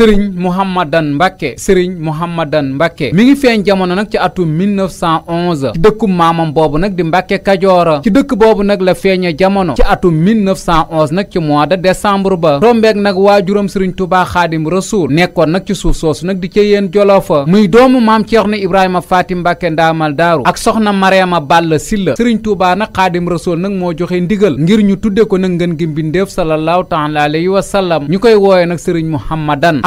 sëriñ Mouhamadan Mbacke sëriñ Mouhamadan Mbacke mi ngi feeñ jamono nag ci atum 1911 ci dëkku maamam boobu nag di Mbacke Kajoora ci dëkk boobu nag la feeñee jamono ci atum 1911 nag ci mois de décembre ba tombeek nag waajuram sëriñ Touba Xaadim Rasuul nekkoon nag ci suuf soosu nag di ca yéen joloofa muy doomu maam Ceerno Ibrahima Faati Mbacke Ndaamal Daaru ak soxna Mariama Balla Silla sëriñ Touba nag Xaadim Rasuul nag moo joxe ndigal ngir ñu tudde ko nag ngën gi mbindeef sallallahu taala alayhi wa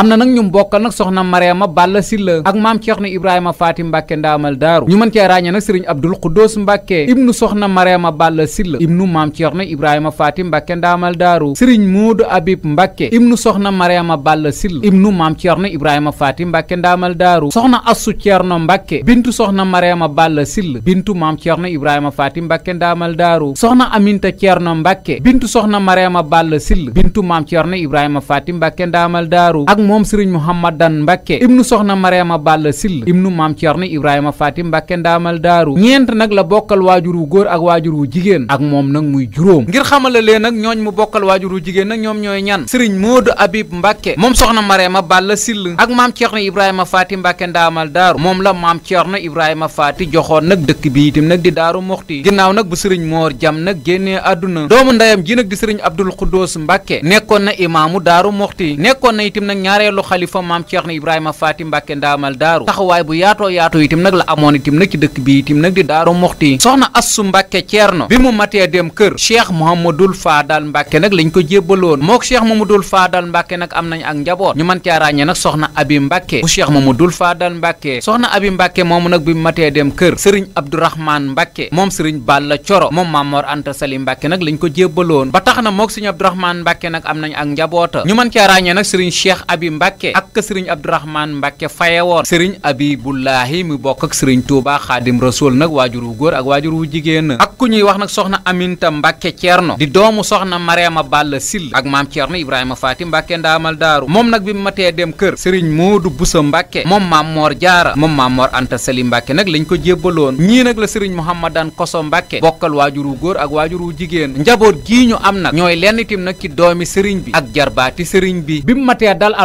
am na nag ñum bokkal nag soxna Mariama Balla Silla ak maam Ceerno Ibrahima Faati Mbàkke ndaamal daaru ñu mën cee ràññee nag sëriñ Abdul Xuddoos Mbàkke ibnu soxna Mariama Balla Silla ibnu maam Ceerno Ibrahima Faati Mbàkke ndaamal daaru sëriñ Moodu Abib Mbàkke ibnu soxna Mariama Balla Silla ibnu maam Ceerno Ibrahima Faati Mbàkke ndaamal daaru soxna Assu Ceerno Mbàkke bintu soxna Mariama Balla Silla bintu maam Ceerno Ibrahima Faati Mbàkke ndaamal daaru soxna Aminta Ceerno Mbàkke bintu soxna Mariama Balla Silla bintu maam Ceerno Ibrahima Faati Mbàkke ndaamal daaru ak moom sëriñ Mouhamadan Mbacke ibnu soxna Mariama Balla Sill ibnu maam Thierno Ibrahima Fatim Mbacke ndaamal daaru ñeent nag la bokkal waajur wu góor ak waajur wu jigéen ak moom nag muy juróom ngir xamale leen nag ñooñ mu bokkal waajur wu jigéen nag ñoom ñooy ñan sëriñ Modou Habib Mbacke moom soxna Mariama Balla Sill ak maam Thierno Ibrahima Fatim Mbacke ndaamal daaru moom la maam Thierno Ibrahima Faati joxoon nag dëkk bi itam nag di daaru moxti ginnaaw nag bu sëriñ Moor nag génnee àdduna doomu ndeyam ji nag di sëriñ Abdul Xuddoos Mbacke nekkoon na imaamu daaru moxti nekkoon na itam nag ñaareelu xalifa maam Ceerno Ibrahima Faati Mbàkke ndaamal daaru taxawaay bu yaatoo yaatoo itam nag la amoon itam nag ci dëkk bi itam nag di daaru muxti soxna assu Mbàkke Ceerno bi mu matee dem kër cheikh Mouhamadul Faadal Mbàkke nag lañ ko jébbaloon mook cheikh Mouhamadul Faadal Mbàkke nag am nañ ak njaboot ñu man caa ràññee nag soxna abi Mbàkke bu cheikh Mouhamadul Faadal Mbàkke soxna abi Mbàkke moomu nag bi mu matee dem kër sëriñ Abdourahman Mbàkke moom sëriñ Balla Coro moom Mamor Anta Sali Mbàkke nag lañ ko jébbaloon ba tax na mook sëriñ Abdourahman Mbàkke nag am nañ ak njaboota ñu mën caa abi mbàkke ak sëriñ abdourahman mbàkke faye woon sëriñ abibullahi mu bokk ak sëriñ tuuba xaadim rasul nag waajur wu góor ak waajur wu jigéen ak ku ñuy wax nag soxna aminta mbàkke ceerno di doomu soxna mareema bàll sill ak maam ceerno ibrahima faati mbàkke ndaamal daaru moom nag bi mu matee dem kër sëriñ moo moodu busa mbàkke moom maam moor jaara moom maam moor anta sali mbàkke nag lañ ko jébbaloon ñii nag la sëriñ mouhamadan koso mbàkke bokkal waajur wu góor ak waajur wu jigéen njaboot gii ñu am nag ñooy lenn itim nag ci bi ak jarbaati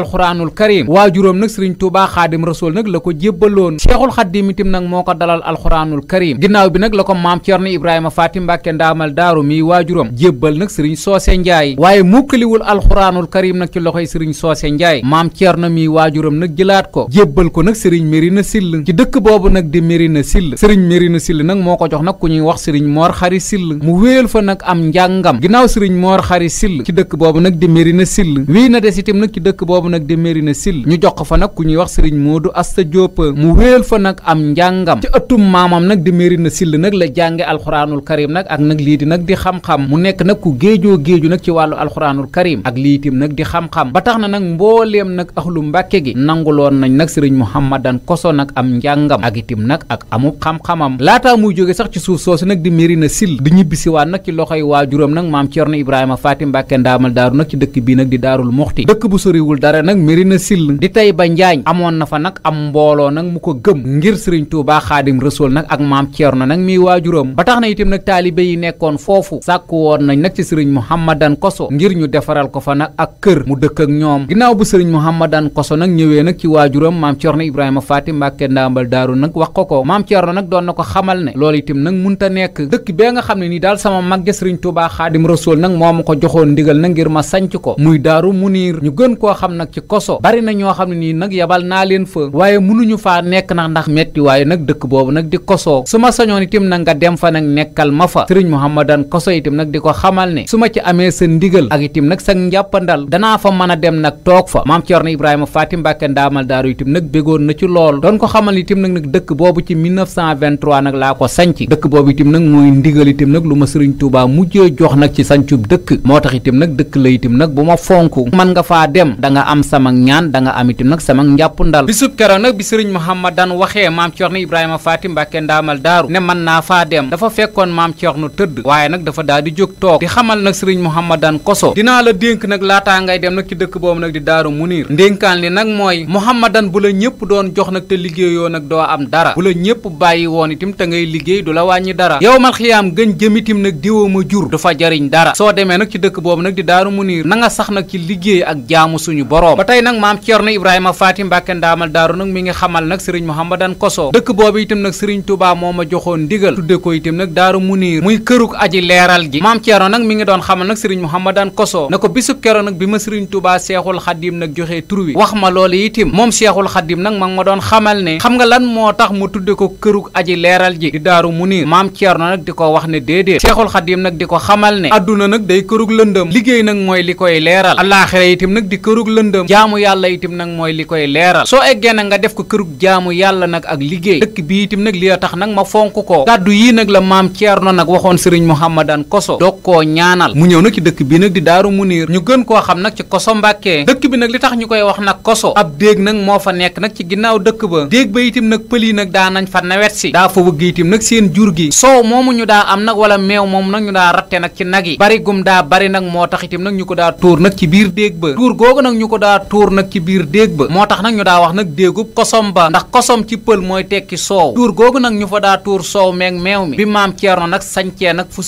alxuraanul karim waajuróom nag sëriñ Tuubaa xaadim rasool nag la ko jébbaloon seexul xaddim itam nag moo ko dalal alxuraanul karim ginnaaw bi nag la ko maam Cerno Ibrahima Faati Mbàkke ndaamal daaru miy waajuróom jébbal nag sëriñ Soose Njaay waaye mukkaliwul alxuraanul karim nag ci loxoy sëriñ Soose Njaay maam Cerno miy waajuróom nag jëlaat ko jébbal ko nag sëriñ Mérina Sill ci dëkk boobu nag di Mérina Sill sëriñ Mérina Sill nag moo ko jox nag ku ñuy wax sëriñ Moor Xari Sill mu wéyal fa nag am njàngam ginnaaw sëriñ Moor Xari Sill ci dëkk boobu nag di Mérina na des itam nag di Mérina Syll ñu jox ko fa nag ku ñuy wax Serigne Modou Asta Diop mu wéyal fa nag am njàngam ci ëttum maamam nag di Mérina Syll nag la jànge alxuraanul karim nag ak nag lii di nag di xam-xam mu nekk nag ku géejoo géeju nag ci wàllu alxuraanul karim ak lii itam nag di xam-xam ba tax na nag mbooleem nag axlu mbàkke gi nanguloon nañ nag Serigne Mouhamadan koso nag am njàngam ak itim nag ak amub xam-xamam laataa muy jóge sax ci suuf soosu nag di Mérina Syll di ñibbisiwaat nag ci loxoy waajuram nag maam Cerno Ibrahima nag ci dëkk bii nag di daarul muxti dëkk bu soriwul dara nag Médina Sill di tey ba Njaañ amoon na fa nag am mbooloo nag mu ko gëm ngir Sëriñ Tuubaa Xaadim Rasuul nag ak maam na nag miy waajuram ba tax na itam nag taalibe yi nekkoon foofu sàkku woon nañ nag ci Sëriñ Muhammadan Koso ngir ñu defaral ko fa nag ak kër mu dëkk ak ñoom ginnaaw bu Sëriñ Muhammadan Koso nag ñëwee nag ci waajuram maam Ceerno Ibrahima Faati Mbàkke Ndaambal Daaru nag wax ko ko maam Ceerno nag doon na ko xamal ne lool itam nag munta nekk dëkk bee nga xam ne ni daal sama mag ja Sëriñ Tuubaa Xaadim Rasuul nag moo ko joxoon ndigal nag ngir ma nag ci koso bari na ñoo xam ne nii nag yabal naa leen fa waaye mënuñu faa nekk nag ndax metti waaye nag dëkk boobu nag di kosoo su ma sañoon itam nag nga dem fa nag nekkal ma fa sëriñ Mouhamadan koso itam nag di ko xamal ne su ma ci amee sa ndigal ak itam nag sa njàppandal danaa fa mën a dem nag toog fa maam na Ibrahima Faati Mbàkke ndaamal daaru itam nag bégoon na ci lool doon ko xamal itam nag nag dëkk boobu ci 1923 nag laa ko sanc dëkk boobu itam nag mooy ndigal itam nag lu ma sëriñ Tuubaa mujjee jox nag ci sancub dëkk moo tax itam nag dëkk la itam nag sama ñaan da nga am itam nag sama njàpp ndal bisub keroog nag bi sëriñ Mouhamadan waxee maam Cerno Ibrahima Faati Mbàkke ndaamal daaru ne mën naa faa dem dafa fekkoon maam Cerno tëdd waaye nag dafa daal di jóg toog di xamal nag sëriñ Mouhamadan koso dinaa la dénk nag laataa ngay dem nag ci dëkk boobu nag di daaru Munir ndénkaan li nag mooy Mouhamadan bu la ñëpp doon jox nag te liggéeyoo nag doo am dara bu la ñëpp bàyyi woon itam te ngay liggéey du la wàññi dara yow mal xiyaam gën jëmitim nag diwoo ma jur du fa jariñ dara soo demee nag ci dëkk boobu nag di daaru na nga sax nag ci liggéey ak jaamu suñu ba tey nag maam Ceerno Ibrahima Faati Mbàkke ndaamal daaru nag mi ngi xamal nag sëriñ Mouhamadan Koso dëkk boobu itam nag sëriñ tubaa moo ma joxoon ndigal tudde ko itam nag daaru Muniir muy këruk aji leeral ji maam Ceerno nag mi ngi doon xamal nag sëriñ Mouhamadan Koso na ko bisub keroog nag bi ma sëriñ Touba Seexul Xadim nag joxee tur wi wax ma loolu itam moom Seexul Xadim nag ma ma doon xamal ne xam nga lan moo tax mu tudde ko këruk aji leeral ji daaru Muniir maam Ceerno nag di ko wax ne déedéet Seexul Xadim nag di ko xamal ne adduna nag day këruk lëndëm liggéey nag mooy li koy leeral itam nag di këruk lëndëm dundam jaamu yàlla itam nag mooy li koy leeral soo eggee nag nga def ko kërug jaamu yàlla nag ak liggéey dëkk bi itam nag li tax nag ma fonk ko kàddu yii nag la maam Ceerno nag waxoon sëriñ Mouhamadan Koso doog koo ñaanal mu ñëw nag ci dëkk bi nag di Daaru mu Munir ñu gën koo xam nag ci Koso Mbàkke dëkk bi nag li tax ñu koy wax nag Koso ab déeg nag moo fa nekk nag ci ginnaaw dëkk ba déeg ba itam nag pël yi nag daa nañ fa nawet si daa fa wëgg itam nag seen jur gi soow moomu ñu daa am nag wala meew moom nag ñu daa ratte nag ci nag yi bari gum daa bari nag moo tax itam nag ñu ko daa tuur nag ci biir déeg ba tuur googu nag ñu ko daa tuur nag ci biir déeg ba moo tax nag ñu daa wax nag déegub kosom ba ndax kosom ci pël mooy tekki soow tuur googu nag ñu fa daa tuur soow meeg meew mi bi maam Ceerno nag sañcee nag fu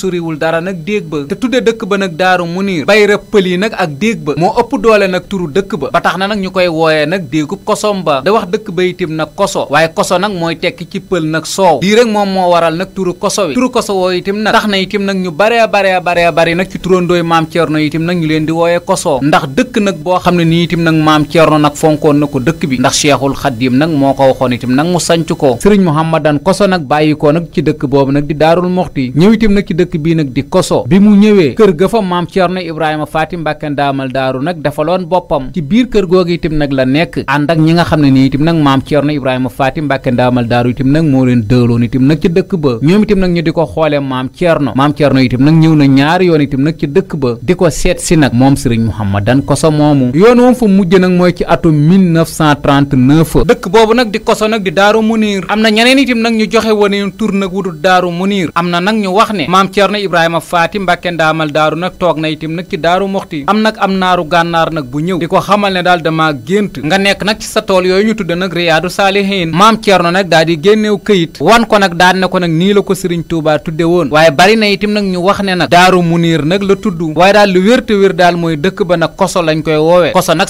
dara nag déeg ba te tudde dëkk ba nag daaru muniir bayra pël yi nag ak déeg ba moo ëpp doole nag turu dëkk ba ba tax na nag ñu koy wooyee nag déegub kosom ba da wax dëkk ba itim nag koso waaye koso nag mooy tekki ci pël nag soow lii rek moom moo waral nag turu koso wi turu koso woo itim nag tax na ñu baree baree baree bari nag ci turandooy maam Ceerno itim nag ñu leen di wooyee itam nag maam Thierno nag fonkoon na ko dëkk bi ndax Cheikhul Khadim nag moo ko waxoon itam nag mu sanc ko sëriñ Mouhamadan Koso nag bàyyi ko nag ci dëkk boobu nag di Daarul Moxti ñëw itam nag ci dëkk bii nag di Koso bi mu ñëwee kër ga fa maam Thierno Ibrahima Faati Mbàkke ndaamal daaru nag defaloon boppam ci biir kër googu itam nag la nekk ànd ak ñi nga xam ne nii itam nag maam Thierno Ibrahima Faati Mbàkke daaru itam nag moo leen dëloon itam nag dëkk ba ñoom nag ñu di ko xoolee maam Thierno maam Thierno itam nag ñëw na ñaari yoon itam nag ci dëkk ba di ko seet si nag moom sëriñ Mouhamadan Koso moomu fa mujj nag mooy ci atum 1939 dëkk boobu nag di koso nag di daaru muniir am na ñeneen itam nag ñu joxe woon tur nag wudul daaru muniir am na nag ñu wax ne maam Cerno Ibrahima Faati Mbàkke ndaamal daaru nag toog na itam nag ci daaru moxti am nag am naaru gànnaar nag bu ñëw di ko xamal ne daal dama gént nga nekk nag ci sa tool yooyu ñu tudde nag riyaadu saalihiin maam Cerno nag daal di këyit wan ko nag daan ko nag nii la ko Sëriñ Tuubaa tudde woon na itam nag ñu wax ne nag daaru muniir nag la tudd waaye daal lu wér te wér daal mooy dëkk ba nag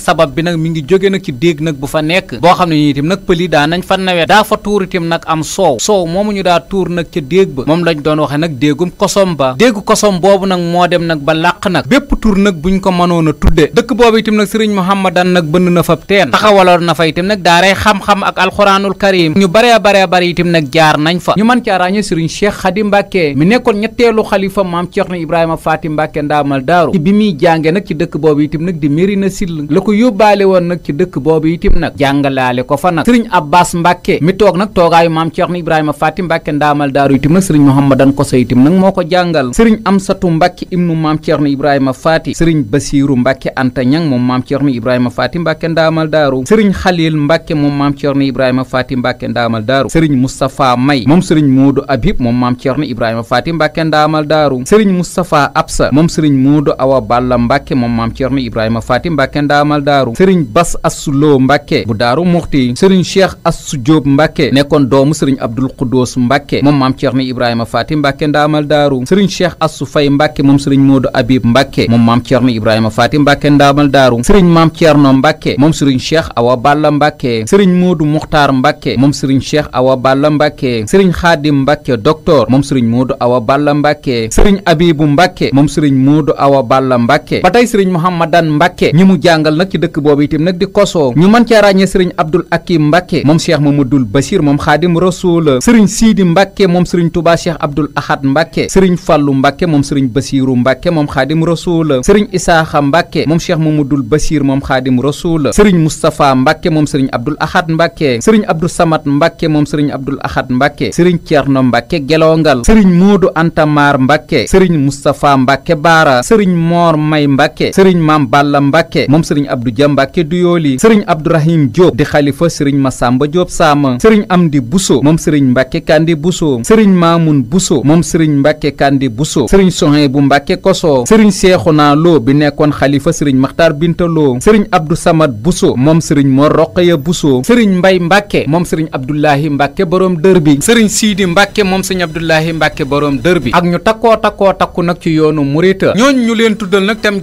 sabab bi nag mi ngi jóge nag ci déeg nag bu fa nekk boo xam ne nii itam nag pëli daa fa nawet daa fa tuur itam nag am soow soow moomu ñu daa tuur nag ca déeg ba moom lañ doon waxe nag déegum kosom ba déegu kosom boobu nag moo dem nag ba làq nag bépp tur nag bu buñ ko mënoon a tudde dëkk boobu itam nag sëriñ Muhammadan nag bënn na fa teen taxawaloon na fa itam nag daa daaray xam-xam ak alxuraanul karim ñu bare bare bari itam nag jaar nañ fa ñu mën caa ràññee sëriñ Cheikh Khady Mbacke mi nekkoon ñetteelu xalifa maam Cheikh Ibrahima Faati Mbacke ndaamal daaru ci bi muy jànge nag ci dëkk boobu itam nag di Mérina Syll ko yóbbaale woon nag ci dëkk boobu itim nag jàngalaale ko fa nag sëriñ abbas mbàkke mi toog nag toogaayu maam Cheikh ibrahima fati mbàkke ndaamal daaru itim nag sëriñ mouhamadan koso itim nag moo ko jàngal sëriñ amsatu mbàkke ibnu maam Cheikh ibrahima fati sëriñ basiiru mbàkke anta ñang moom maam Cheikh ibrahima fati mbàkke ndaamal daaru sëriñ xalil mbàkke moom maam Cheikh ibrahima fati mbàkke ndaamal daaru sëriñ moustapha may moom sëriñ muudu abib moom maam Cheikh ibrahima fati mbàkke ndaamal daaru sëriñ moustapha absa moom sëriñ muudu awa balla mbàkke moom maam Cheikh ibrahima fati mbàkke ndaamal Fall Daaru sëriñ Bas Assu Lo Mbàkke bu Daaru Muxti sëriñ Cheikh Assu Jóob Mbàkke nekkoon doomu sëriñ Abdul Xuddoos moom maam Ceerno Ibrahima Faati Mbàkke ndaamal Daaru sëriñ Cheikh Assu Fay Mbàkke moom sëriñ Moodu Abib Mbàkke moom maam Ceerno Ibrahima Faati Mbàkke ndaamal Daaru sëriñ maam Ceerno Mbàkke moom sëriñ Cheikh Awa Balla Mbàkke sëriñ Moodu Muxtaar Mbàkke moom sëriñ Cheikh Awa Balla Mbàkke sëriñ Xaadim Mbàkke docteur moom sëriñ Moodu Awa Balla Mbàkke sëriñ Abibu Mbàkke moom sëriñ Moodu Awa Balla Mbàkke ba tey sëriñ Muhammadan Mbàkke ñi mu jàngal nag ci dëkk boobu itam nag di Koso ñu man cee ràññee sëriñ Abdul Akim Mbacke moom Cheikh Mamadul Basir moom Xaadim Rasul sëriñ Siidi Mbacke moom sëriñ Touba Cheikh Abdul Ahad Mbacke sëriñ Fallu Mbacke moom sëriñ Basiru Mbacke moom Xaadim Rasul sëriñ Isaaxa Mbacke moom Cheikh Mamadul Basir moom Xaadim Rasul sëriñ Moustapha Mbacke moom sëriñ Abdul Ahad Mbacke sëriñ Abdou Samad Mbacke moom sëriñ Abdul Ahad Mbacke sëriñ Cerno Mbacke Gelongal sëriñ Moodu Antamar Mbacke sëriñ Moustapha Mbacke Baara sëriñ Moor May Mbacke sëriñ Maam Balla Mbacke moom sëriñ Abdou Dia Mbàkke Duyooli sëriñ Abdourahim Diop di xalifa sëriñ Masamba Diop Saama sëriñ Amdi Buso moom sëriñ Mbàkke Kandi Buso sëriñ Maamun Buso moom sëriñ Mbàkke Kandi Buso sëriñ Sohen bu Mbàkke Koso sëriñ Seexuna Lo bi nekkoon xalifa sëriñ Maxtaar Binta Lo sëriñ Abdou Samad Buso moom sëriñ Mor Roqaya Buso sëriñ Mbay Mbàkke moom sëriñ Abdoulahi Mbàkke borom dër bi sëriñ Siidi Mbàkke moom sëriñ Abdoulahi Mbàkke borom dër bi ak ñu takkoo takkoo takku nag ci yoonu murita ñooñ ñu leen tuddal nag tam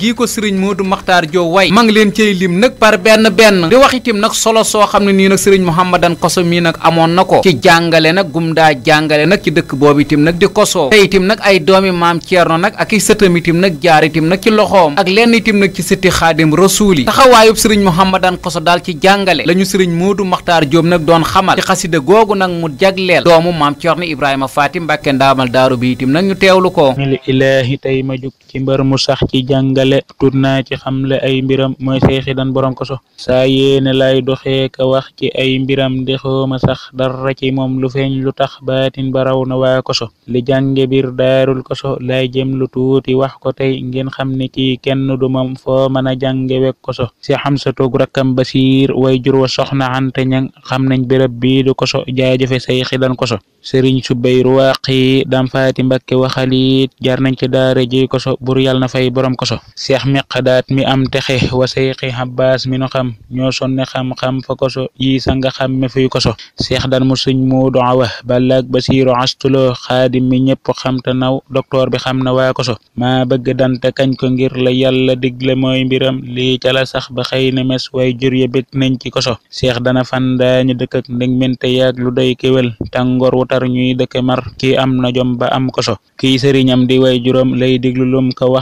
gii ko sëriñ Modou Makhtar Diop way ma ngi leen cay lim nag par benn benn di wax itam nag solo soo xam ne nii nag sëriñ Mouhamadan Kosso mii nag amoon na ko ci jàngale nag gum daa jàngale nag ci dëkk boobu itam nag di Kosso te itam nag ay doomi maam Thierno nag ak i sëtam itam nag jaar itam nag ci loxoom ak lenn itam nag ci sëti Xaadim Rasuul yi taxawaayub sëriñ Mouhamadan Kosso daal ci jàngale lañu ñu sëriñ Modou Makhtar Diop nag doon xamal ci xasida googu nag mu jagleel doomu maam Thierno Ibrahima Fatim Mbàkke ndaamal daaru bi itam nag ñu teewlu ko. tey ma jug ci mbër mu ci jàngale jàngale tut naa ci xamle ay mbiram mooy seexi dan borom koso saa yéene lay doxee ka wax ci ay mbiram de xooma sax dara ci moom lu feeñ lu tax baatin baraw na waa koso li jànge biir daarul koso lay jëm lu tuuti wax ko tey ngeen xam ne kii kenn du moom foo mën a jànge wek koso se xam sa toog rakkam basiir way jur wa soxna ante ñang xam nañ béréb bii du koso jaajëfe seexi dan koso sëriñ subayru waaqi dam faati mbakke waxaliit jar nañ ci daara ji koso bur na fay borom koso seex mi xadaat mi am texe wa seyxi xabbaas mi nu xam ñoo sonni xam-xam fa koso yi sanga xam me fuy koso seex dan mu sëñ muudu awa balaag basiiru astuloo mi ñëpp xam te naw doktoor bi xam na waa koso maa bëgg dante kañ ko ngir la yàlla digle mooy mbiram li ca la sax ba xëy na mes way jur ya bég nañ ci koso seex dana fandaañu dëkk ak ndég mente yaag lu doy kéwél tàngoor wutar ñuy dëkk mar kii am na jom am koso kii sëriñam di way juróom lay diglu lum ko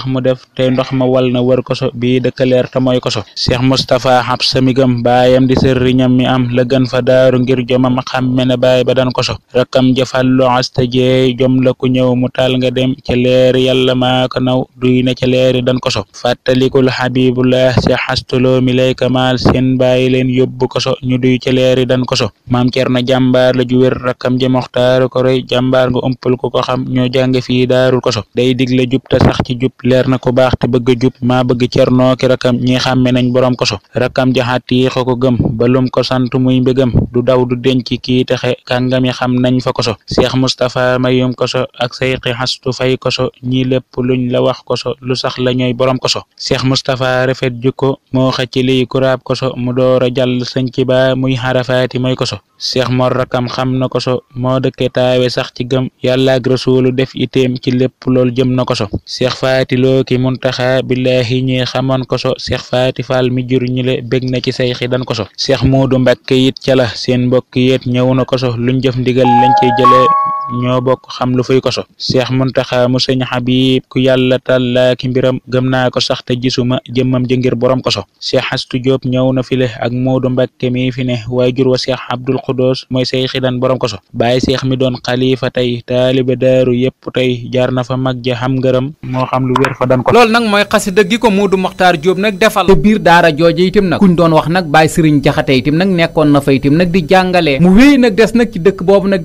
ma wal na wër koso bii dëkkaleer te mooy koso cheikh moustapha xab samigam baayam di sërriñam mi am la gën fa daaru ngir jomam xam mene baay ba daan koso rakkam jafallu asta jeey jom la ku ñëw mu taal nga dem ca leeri yàlla maa ko naw duy na ca leeri dan koso fàttalikul xabibullah cheikh xastuloo mi lay kamaal seen bàyyi leen yóbbu koso ñu duy ca leeri dan koso maam cer na jàmbaar la ju wér rakkam ja moxtaaru ko roy jàmbaar nga ëmpal ko ko xam ñoo jàng fi daarul koso day digle jub bi jub maa bëgg cernoo ki rakam ñi xàmme nañ boroom koso rakam jaxaat yéex ko gëm ba lum ko sant muy mbégam du daw du denc kii texe kàngami xam nañ fa koso Cheikh Moustapha mayum koso ak sayqi xastu fay koso ñi lépp luñ la wax koso lu sax la ñooy boroom koso Cheikh Moustapha rafet jukko moo xëcc liy kuraab koso mu door a jàll sañ ci ba muy xarafaati mooy koso Cheikh Mor rakam xam na koso moo dëkke tawe sax ci gëm yàlla ak rasuulu def iteem ci lépp lool jëm na koso Cheikh Faati billaahi ñi xamoon ko so seex faati fal mi jur ñi le bég na ci sayxi dan ko so seex muudu mbàkke it ca cala seen mbokk yéet ñëw na ko so luñ jëf ndigal lañ ciy jëlee ñoo bokk xam lu fay koso seex muntaxa mu sëñ xabib ku yàlla tàllaaki mbiram gëm naa ko sax te gisuma jëmmam ji ngir borom koso seex astu jóob ñëw na fi ak moodu mbakke mi fi ne waaye jur wa seex abdul xudoos mooy say xidan borom koso baay seex mi doon xalifa tey taaliba daaru yépp tey jaar na fa mag ja xam ngërëm moo xam lu wér fa dan ko loolu nag mooy xasida gi ko moodu maxtaar jóob nag defal te biir daara jooje itam nag kuñ doon wax nag bàyyi sëriñ jaxate itam nag na fa itam nag di nag des nag ci dëkk boobu nag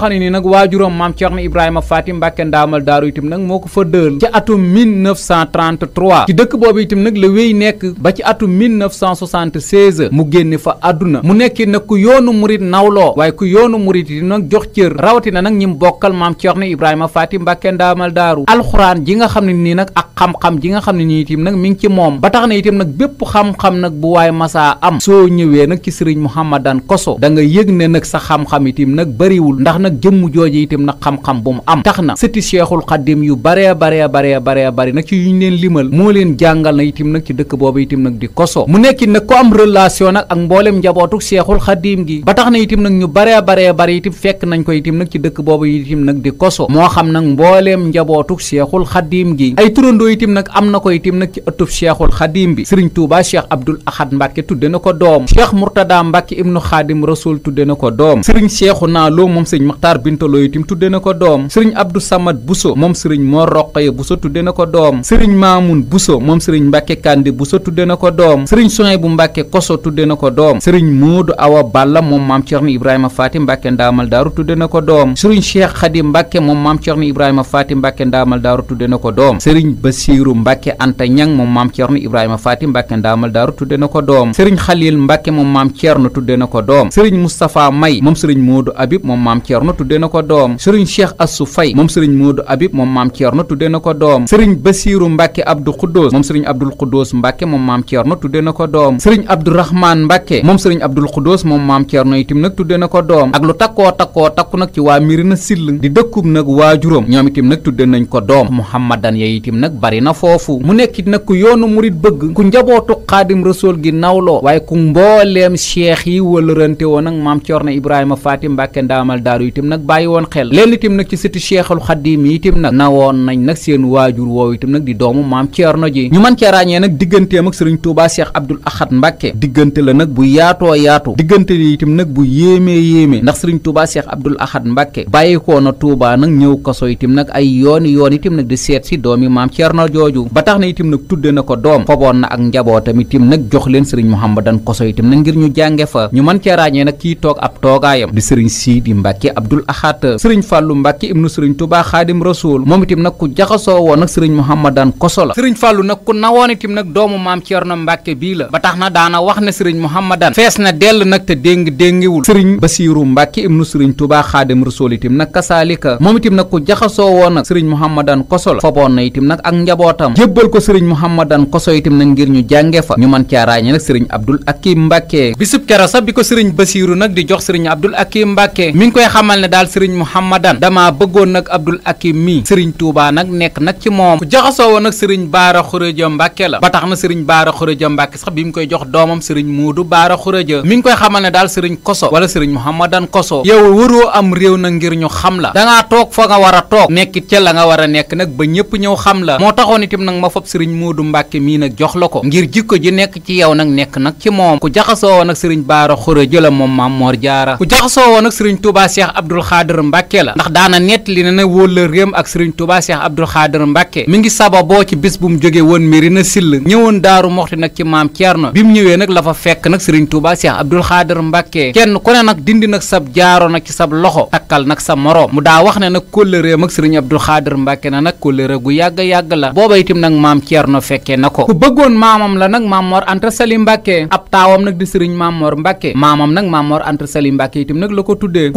xam ne nii nag waajuram maam Thierno Ibrahima Fatim Mbacke ndaamal daaru itam nag moo ko fa dël ci atum 1933 ci dëkk boobu itam nag la wéy nekk ba ci atum 1976 mu génne fa àdduna mu nekk nag ku yoonu murit nawloo waaye ku yoonu murit yi nag jox cër rawatina nag ñi mu bokkal maam Thierno Ibrahima faati Mbacke ndaamal daaru alxuraan ji nga xam ne nii nag ak xam-xam ji nga xam ne ni itam nag mi ngi ci moom ba tax na itam nag bépp xam-xam nag bu waaye masaa am soo ñëwee nag ci sëriñ Mouhamadan Koso da nga yëg ne nag sa xam-xam nag bariwul ndax nag jëmm jooju itam nag xam-xam bu mu am tax na sëti Seexul Xaddim yu baree baree baree baree bari nag ci yu ñu leen limal moo leen jàngal na nag ci dëkk boobu itam nag di koso mu nekk nag ko relation nag ak mboolem njabootu Seexul Xaddim gi ba tax na itam nag ñu baree baree bari itam fekk nañ ko itam nag ci dëkk boobu itam nag di koso moo xam nag mbooleem njabootu Seexul Xaddim gi ay turandoo itam nag am na ko itam nag ci ëttub Seexul Xaddim bi Sëriñ Tuubaa Cheikh Abdul Ahad Mbàkke tudde na ko doom Cheikh Murtada Mbàkke ibnu Xaadim Rasul tudde na ko doom Sëriñ Seexu naa loo moom sëñ Mokhtar Bintaloo itam tudde na ko doom sëriñ Abdou Samad Bousso moom sëriñ Mor Roqaya Bousso tudde na ko doom sëriñ Maamun Bousso moom sëriñ Mbàkke Kandi Bousso tudde na ko doom sëriñ Sohaybu Mbàkke Koso tudde na ko doom sëriñ Moodu Awa Balla moom maam Ceerno Ibrahima Faati Mbàkke Ndaamal Daaru tudde na ko doom sëriñ Cheikh Xadi Mbàkke moom maam Ceerno Ibrahima Faati Mbàkke Ndaamal Daaru tudde na ko doom sëriñ Basiiru Mbàkke Anta Ñang moom maam Ceerno Ibrahima Faati mbakk Ndaamal Daaru tudde na ko doom sëriñ Xalil Mbàkke moom maam Ceerno tudde na ko doom sëriñ Mustafa May moom sëriñ Moodu Abib Thierno tuddee na ko doom sëriñ Cheikh Assou Faye moom sëriñ Modou Habib moom maam Thierno tuddee na ko doom sëriñ Bassirou Mbacke Abdou Khoudous moom sëriñ Abdoul Khoudous Mbacke moom maam Thierno tuddee na ko doom sëriñ Abdourahmane Mbacke moom sëriñ Abdoul Khoudous moom maam Thierno itim nag tuddee na ko doom ak lu takkoo takkoo takku nag ci waa Mirina Sill di dëkkub nag waajuram ñoom itim nag tuddee nañ ko doom Mouhamadan ya itim nag bari foofu mu nekkit nag ku yoonu murit bëgg ku njabootu xaadim rasool gi nawloo waaye ku mbooleem itam nag bàyyi woon xel leen itam nag ci sëti Cheikhul Xadim yi itam na woon nañ nag seen waajur woowu itam nag di doomu maam Ceerno ji ñu man cee ràññee nag digganteem ak sëriñ Touba Cheikh Abdoul Ahad Mbacke diggante la nag bu yaatoo yaatu diggante li itam nag bu yéeme yéemee ndax sëriñ Touba Cheikh Abdoul Ahad Mbacke bàyyi ko na Touba nag ñëw kaso itam nag ay yoon yoon itam nag di seet doom yi maam Ceerno jooju ba tax na itam nag tudde na ko doom foboon na ak njabootam itam nag jox leen sëriñ Mouhamadan Koso itam nag ngir ñu jànge fa ñu mën cee ràññee nag kii toog ab toogaayam di sëriñ Sidi Mbacke Abdul Ahad sëriñ Fàllu Mbàkke ibnu sëriñ Tuubaa Xaadim Rasuul moom itam nag ku jaxasoo woon nag sëriñ Muhammadan Koso la sëriñ Fàllu nag ku nawoon itam nag doomu maam Ceerno Mbàkke bii la ba tax na daana wax ne sëriñ Muhammadan fees na dell nag te déng déngiwul sëriñ Basiiru Mbàkke ibnu sëriñ Tuubaa Xaadim Rasuul itam nag kasaalika moom itam nag ku jaxasoo woon nag sëriñ Muhammadan Koso la foboon na itam nag ak njabootam jébbal ko sëriñ Muhammadan Koso itam nag ngir ñu jànge fa ñu mën caa ràññe nag sëriñ Abdul Akim Mbàkke bisub kero sax bi ko sëriñ Basiiru nag di jox sëriñ Abdul Akim Mbàkke mi mel ne daal sëriñ Mouhamadan dama bëggoon nag Abdul Akim mii sëriñ Touba nag nekk nag ci moom ku jaxasoo woon nag sëriñ Baara Xuréja Mbàkke la ba tax na sëriñ Baara Xuréja Mbàkke sax bi mu koy jox doomam sëriñ Muudu Baara Xuréja mi ngi koy xamal ne daal sëriñ Koso wala sëriñ Mouhamadan Koso yow waroo am réew na ngir ñu xam la dangaa toog fa nga war a toog nekkit ca la nga war a nekk nag ba ñëpp ñëw xam la moo taxoon itam nag ma fab sëriñ Muudu Mbàkke mii nag jox la ko ngir jikko ji nekk ci yow nag nekk nag ci moom ku jaxasoo nag sëriñ Baara Xuréja la moom Maam Moor Jaara ku jaxasoo woon nag sëriñ Touba Cheikh Abdul Xaadir Mbàkke la ndax daana nettali ne na wóllëreem ak sëriñ Tuubaa Cheikh Abdul Xaadir Mbàkke mi ngi sababoo ci bis bu mu jóge woon Mérina Sill ñëwoon Daaru Moxti nag ci maam Ceerno bi mu ñëwee nag la fa fekk nag sëriñ Tuubaa Cheikh Abdul Xaadir Mbàkke kenn ku ne nag dindi nag sab jaaro nag ci sab loxo takkal nag sa moroom mu daa wax ne nag kóllëreem ak sëriñ Abdul Xaadir Mbàkke na nag kóllëre gu yàgg-yàgg la booba itam nag maam Ceerno fekkee na ko ku bëggoon maamam la nag maam Mor Anta Sali Mbàkke ab nag di sëriñ maam Mor maamam nag maam Mor Anta Sali Mbàkke itam nag la ko tuddee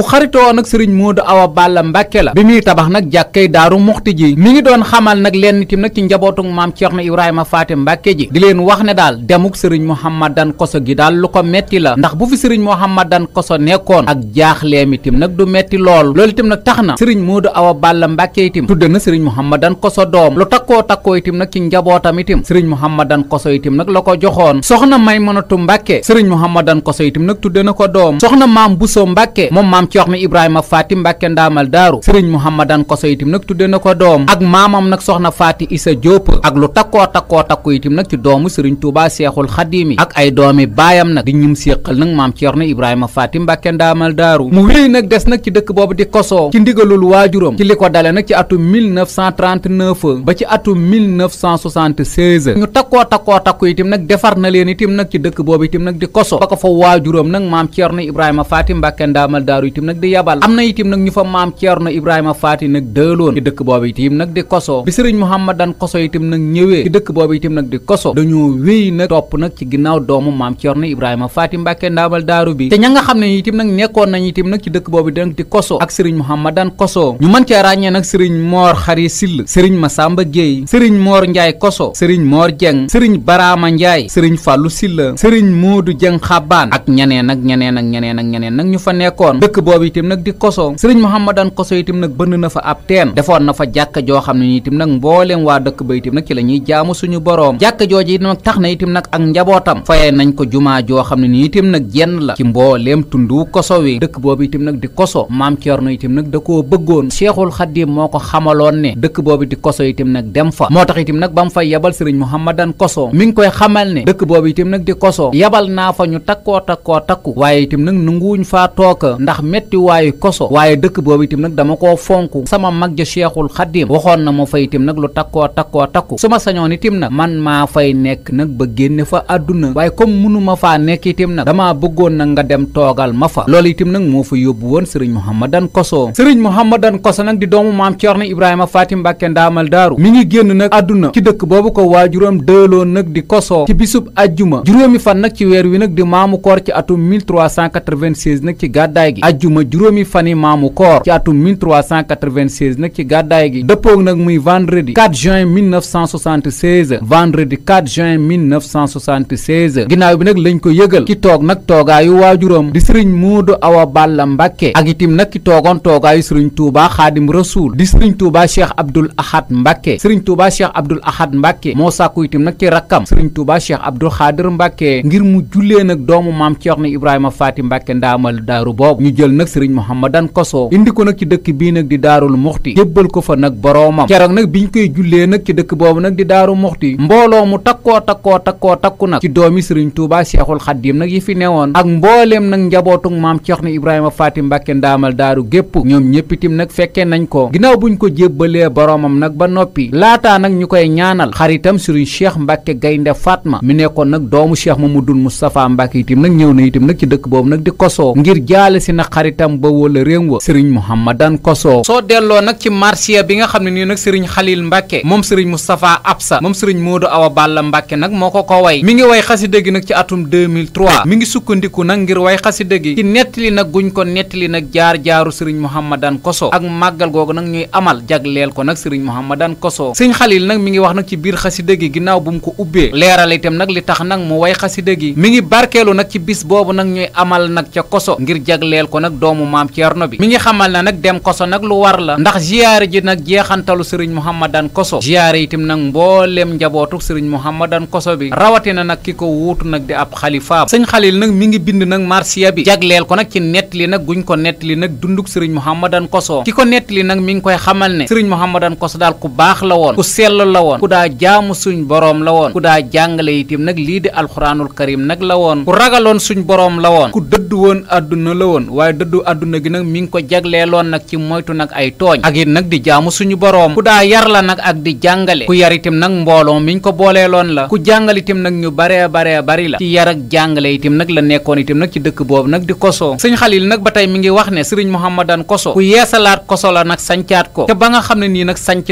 loolu nag sëriñ Modou Awa Balla Mbàkke la bi muy tabax nag jàkkay daaru muxti ji mu ngi doon xamal nag leen itam nag ci njabootu maam Ceerno Ibrahima Faati Mbàkke ji di leen wax ne daal demuk sëriñ Mouhamadan Koso gi daal lu ko metti la ndax bu fi sëriñ Mouhamadan Koso nekkoon ak jaaxleem itam nag du metti lool loolu itam nag tax na sëriñ Modou Awa Balla Mbàkke itam tudde na sëriñ Mouhamadan Koso doom lu tax takkoo takkoo itam nag ci njabootam itam sëriñ Mouhamadan Koso itam nag la ko joxoon soxna Maymunatu Mbàkke sëriñ Mouhamadan Koso itam nag tudde na ko doom soxna maam Buso Mbàkke moom maam ci wax mi Ibrahima Faati Mbàkke ndaamal daaru sëriñ Mouhamadan Koso itam nag tudde na ko doom ak maamam nag soxna Faati Isa Diop ak lu takkoo takkoo takku itam nag ci doomu sëriñ Tuubaa Seexul Xadiimi ak ay doomi baayam nag di ñim séqal nag maam ci wax mi Ibrahima Faati Mbàkke ndaamal daaru mu wéy nag des nag ci dëkk boobu di Koso ci ndigalul waajuram ci li atum 1976 ñu takkoo takkoo takku itam nag defar na leen itam nag ci dëkk boobu itam nag di koso ba ko fa waajuram nag maam Ceerno Ibrahima Faati Mbàkke ndaamal daaru itam nag di koso bi sëriñ Mouhamadan koso itam nag ñëwee ci dëkk boobu itam nag di koso dañoo wéy nag topp nag ci ginnaaw doomu maam Ceerno Ibrahima Faati Mbàkke ndaamal daaru bi te ña nga xam ne itam nag nekkoon nañu itam nag ci dëkk boobu di koso ak sëriñ Mouhamadan koso ñu Guèye sëriñ Mor Ndiaye Koso sëriñ Mor Dieng sëriñ Barama Ndiaye sëriñ Fallou Silla sëriñ Modou Dieng Xabaan ak ñeneen ak ñeneen ak ñeneen ak ñu fa nekkoon dëkk boobu itam nag di Koso sëriñ Mouhamadan Koso itam nag bënn na fa ab teen defoon na fa jàkka joo xam ne itam nag mbooleem waa dëkk ba itam nag ci la ñuy jaamu suñu boroom jàkka jooju itam nag tax na itam nag ak njabootam fayee nañ ko jumaa joo xam ne ni itam nag jenn la ci mbooleem tundu Koso wi dëkk boobu itam nag di Koso maam Ceerno itam nag da koo bëggoon Seexul Xaddim moo ko dem fa moo tax itam nag ba mu fay yebal sëriñ Mouhamadan Koso mi ngi koy xamal ne dëkk boobu itam nag di Koso yebal naa fa ñu takkoo takkoo takku waaye itam nag nanguwuñ faa tooka ndax metti waaye Koso waaye dëkk boobu itam nag dama koo fonk sama mag ja Cheikhul Khadim waxoon na ma fa itam nag lu takkoo takkoo takku su ma sañoon itam nag man maa fay nekk nag ba génne fa àdduna waaye comme mënuma faa nekk itam nag damaa bëggoon nag nga dem toogal ma fa loolu itam nag moo fa yóbbu woon sëriñ Mouhamadan Koso sëriñ Mouhamadan Koso muy génn nag àdduna ci dëkk boobu ko waajuram dëeloon nag di kosoo ci bisub ajjuma juróomi fan nag ci weer wi nag di maamu koor ci atum 1396 nag ci gàddaay gi ajjuma juróomi fan fani maamu koor ci atum 1396 nag ci gàddaay gi dëppoog nag muy vendredi 4 juin 1976 vendredi 4 juin 1976 ginnaaw bi nag lañ ko yëgal ki toog nag toogaayu waajuram di sëriñ Moodu Awa Balla Mbàkke ak itim nag ki toogoon toogaayu sëriñ Tuubaa Xaadim Rasuul di sëriñ Tuubaa Cheikh Abdul Ahad Mbàkke sëriñ Touba Cheikh Abdoul Ahad Mbacke moo sàkku itam nag ci rakkam sëriñ Touba Cheikh Abdoul Xaadir Mbacke ngir mu jullee nag doomu maam ci Ceerno Ibrahima Faati Mbacke ndaamal daaru boobu ñu jël nag sëriñ Mouhamadan Koso indi ko nag ci dëkk bii nag di daarul muxti jébbal ko fa nag boroomam keroog nag bi biñ koy jullee nag ci dëkk boobu nag di daaru muxti mbooloo mu takkoo takkoo takkoo takku nag ci doomi sëriñ Touba Cheikhul Xadim nag yi fi newoon ak mbooleem nag njabootug maam Ceerno Ibrahima Faati Mbacke ndaamal daaru gépp ñoom ñëpp itam nag fekkee nañ ko ginnaaw ko jébbalee boroomam nag ba laataa nag ñu koy ñaanal xaritam sëriñ cheikh mbàkke gaynde fatma mi nekkoon nag doomu cheikh mamadul moustapha mbàkke itam nag ñëw na itam nag ci dëkk boobu nag di koso ngir jaale si nag xaritam ba wala réew wa sëriñ mouhamadan koso soo delloo nag ci marsiya bi nga xam ne nii nag sëriñ xaliil mbàkke moom sëriñ moustapha absa moom sëriñ moodu awa balla mbàkke nag moo ko ko way mi ngi way xasida gi nag ci atum 2003 mi ngi sukkandiku nag ngir way xasida gi ci nettali nag guñ ko nettali nag jaar jaaru sëriñ mouhamadan koso ak màggal googu nag ñuy amal jagleel ko nag sëriñ mouhamadan koso ko sëñ xalil nag mi ngi wax nag ci biir xasida gi ginnaaw bu mu ko ubbee leeral itam nag li tax nag mu way xasida gi mi ngi barkeelu nag ci bis boobu nag ñuy amal nag ca koso ngir jagleel ko nag doomu maam Ceerno bi mi ngi xamal na nag dem koso nag lu war la ndax ziyaare ji nag jeexantalu sëriñ Muhammadan koso ziyaare itam nag mbooleem njabootu sëriñ Muhammadan koso bi rawatina nag ki ko wuutu nag di ab xalifaam sëñ xalil nag mi ngi bind nag marsiya bi jagleel ko nag ci nettali nag guñ ko nettali nag dunduk sëriñ Muhammadan koso ki ko nettali nag mi ngi koy xamal ne sëriñ Muhammadan koso daal ku baax woon ku sellu la woon ku daa jaamu suñ boroom la woon ku daa jàngale itim nag lii di alxuraanul karim nag la woon ku ragaloon suñ boroom la woon ku dëdd woon àdduna la woon waaye dëddu àdduna gi nag mi ngi ko jagleeloon nag ci moytu nag ay tooñ ak it nag di jaamu suñu boroom ku daa yar la nag ak di jàngale ku yar itim nag mbooloo mi ñu ko booleeloon la ku jàngal itim nag ñu baree baree bari la ci yar ak jàngale itim nag la nekkoon itim nag ci dëkk boobu nag nag ba tey mi ngi wax ne sëriñ muhammadan koso ku yeesalaat koso la nag ko te ba nga xam ne nii nag sanc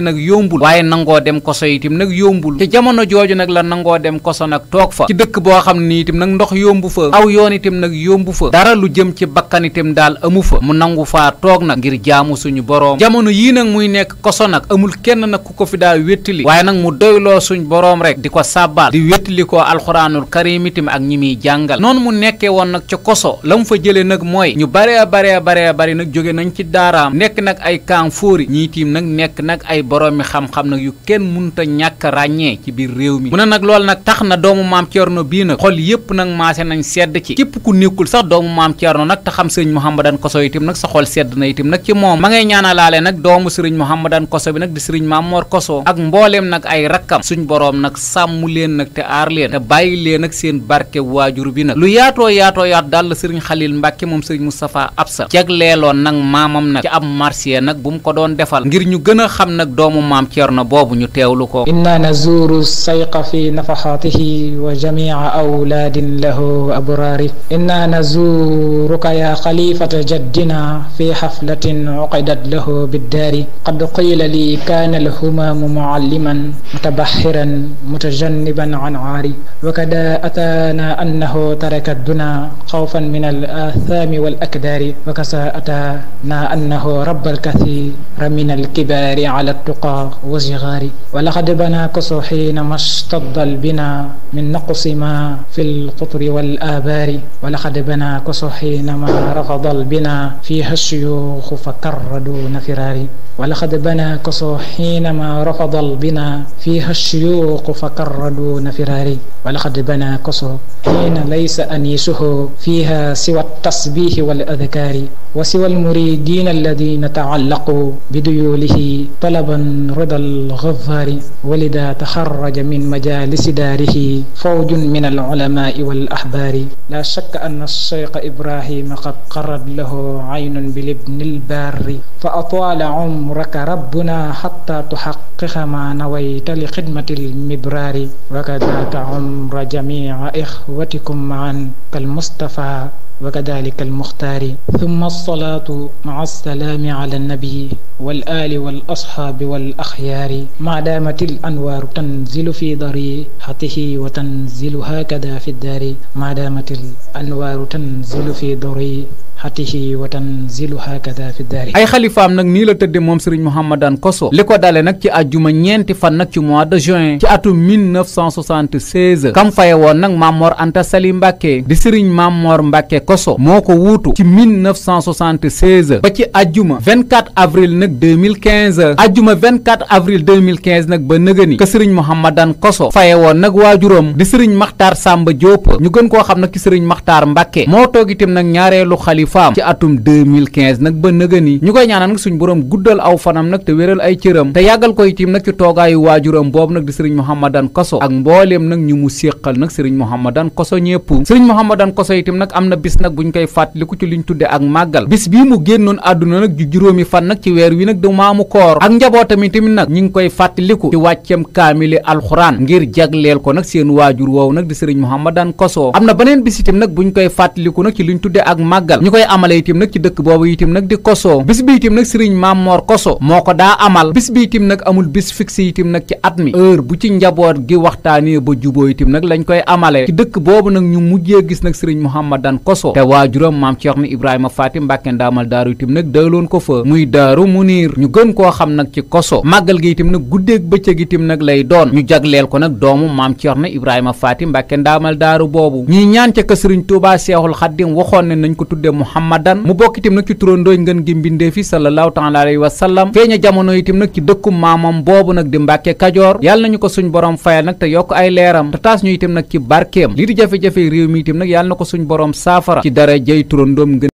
waaye nangoo dem koso itam nag yombul te jamono la nangoo dem koso nag toog fa ci boo xam ne itam nag ndox yombu fa aw yoon itam nag yombu fa lu jëm ci bakkan itam daal amu fa mu nangu faa toog nag ngir jaamu suñu boroom jamono yii nag muy nekk koso nag amul kenn nag ku ko fi daa wéttali waaye nag mu doyloo suñ boroom rek di ko sàbbaal di wéttali ko alxuraanul karim itam ak ñi muy jàngal noonu mu nekkee woon nag ca koso la mu fa jëlee nag mooy ñu baree baree baree bari nag jóge nañ ci daaraam nekk nag ay kaam fóori ñii nag nekk nag ay boroomi xam-xam xam nag yu kenn munta ñàkk ràññee ci biir réew mi mu ne nag loolu nag tax na doomu maam Thierno bii nag xol yépp nag maase nañ sedd ci képp ku nekkul sax doomu maam Thierno nag te xam sëriñ Mouhamadane Kosso itam nag sa xol sedd na itam nag ci moom ma ngay ñaanalaale nag doomu sëriñ Mouhamadane Kosso bi nag di sëriñ Mamor Kosso ak mbooleem nag ay rakkam suñ boroom nag sàmm leen nag te aar leen te bàyyi leen nag seen barke waajur bi nag lu yaatoo yaatoo yaat a Cerno boobu ñu teewlu ko inna nazuuru sayqa fi nafaxaatihi wa jamica awlaadin lahu wa abraari inna nazuuruka yaa xalifata jaddina fi xaflatin uqidat lahu biddaari qad qiila li kaana alhumamu mucalliman mutabaxiran mutajanniban can caari wa kada ataana annahu taraka duna xawfan min al aathaami wal akdaari wa kasa ataana annahu rabba alkathira min alkibaari ala altuqa وصغار ولقد بنى كسر حينما اشتد البنا من نقص ما في القطر والآبار ولقد بنى كسر حينما رفض البنا فيها الشيوخ فكردوا نفرار ولقد بنى كسر حينما رفض البنا فيها الشيوخ فكردوا نفرار ولقد بنى كسر حين ليس أنيسه فيها سوى التسبيح والأذكار وسوى المريدين الذين تعلقوا بديوله طلبا رضا alxafaari walida taxaraja min majalisi daarihi fawjun min alulamaai walaxbaari laa shakka anna cheikha ibrahima qad qarat lahu aynun bilibni lbarri fa atwala umraka rabbuna xatta tuxaqiqa ma nawayta li xidmati lmibraari wakadaka umra jamica ixwatikum maan kalmustafa وكذلك المختار ثم الصلاة مع السلام على النبي والآل والأصحاب والأخيار الأنهار ما دامت الأنوار تنزل في ضري حته وتنزل هكذا في الدار ما ay xalifaam nag nii la tëdde moom sëriñ Mouhamadane Kosso li ko dale nag ci àjjuma ñeenti fan nag ci mois de juin ci atum 1976 kam faye woon nag Mamor Anta Sali Mbàkke di sëriñ Mamor Mbàkke Kosso moo ko wuutu ci 1976 ba ci àjjuma 24 avril nag 2015 avril 2015 nag ba nëgëni ka sëriñ Mouhamadan Koso faye woon nag waajuram di sëriñ Maxtaar Sàmba Diop ñu gën koo xam nag ci sëriñ Maxtaar Mbàkke moo toog itam nag ñaareelu xalifaam ci atum nag ba nëgëni ñu koy ñaanal nag suñ boroom guddal aw fanam nag te wéral ay cëram te yàggal ko itam nag ci toogaayu waajuram boobu nag di sëriñ Mouhamadan Koso ak mbooleem nag ñu mu séqal nag sëriñ Mouhamadan Koso ñépp sëriñ Mouhamadan Koso itam nag am na bis nag buñ koy fàttaliku ci liñ tudde ak màggal bis bii mu génnoon àdduna ñi ngi koy fàttaliku ci wàcceem kaamili alxuraan ngir jagleel ko nag seen waajur woow nag di sëriñ Mouhamadan Koso am na beneen bis itam nag bu ñu koy fàttaliku nag ci ñu tudde ak màggal ñu koy amale itam nag ci dëkk boobu itam nag di Koso bis bi itam nag sëriñ Mamor Koso moo ko daa amal bis bi itam nag amul bis fixe itam nag ci at mi heure bu ci njaboot gi waxtaanee ba juboo itam nag lañ koy amale ci dëkk boobu nag ñu mujjee gis nag sëriñ Mouhamadan Koso te waajuram maam Cheikh Ibrahima Faati Mbàkke ndaamal daaru itam nag daloon ko fa muy daaru Munir ñu gën koo xam nag ci Koso màggal gi gi itam nag guddeeg bëccëg itam nag lay doon ñu jagleel ko nag doomu maam Cerno Ibrahima Faati Mbàkke ndaamal daaru boobu ñiy ñaan ca ka sëriñ Tuubaa Seexul Xaddim waxoon ne nañ ko tudde Muhammadan mu bokk itam nag ci turandooy ngën gi mbindee fi sallallahu taala alayhi wa sallam feeña jamono itam nag ci dëkku maamam boobu nag di Mbàkke Kajoor yàlla nañu ko suñ borom fayal nag te yokk ay leeram te taas ñu itam nag ci barkeem lii di jafe-jafe réew mi itam nag yàlla na ko suñ borom saafara ci dara jëy turandoom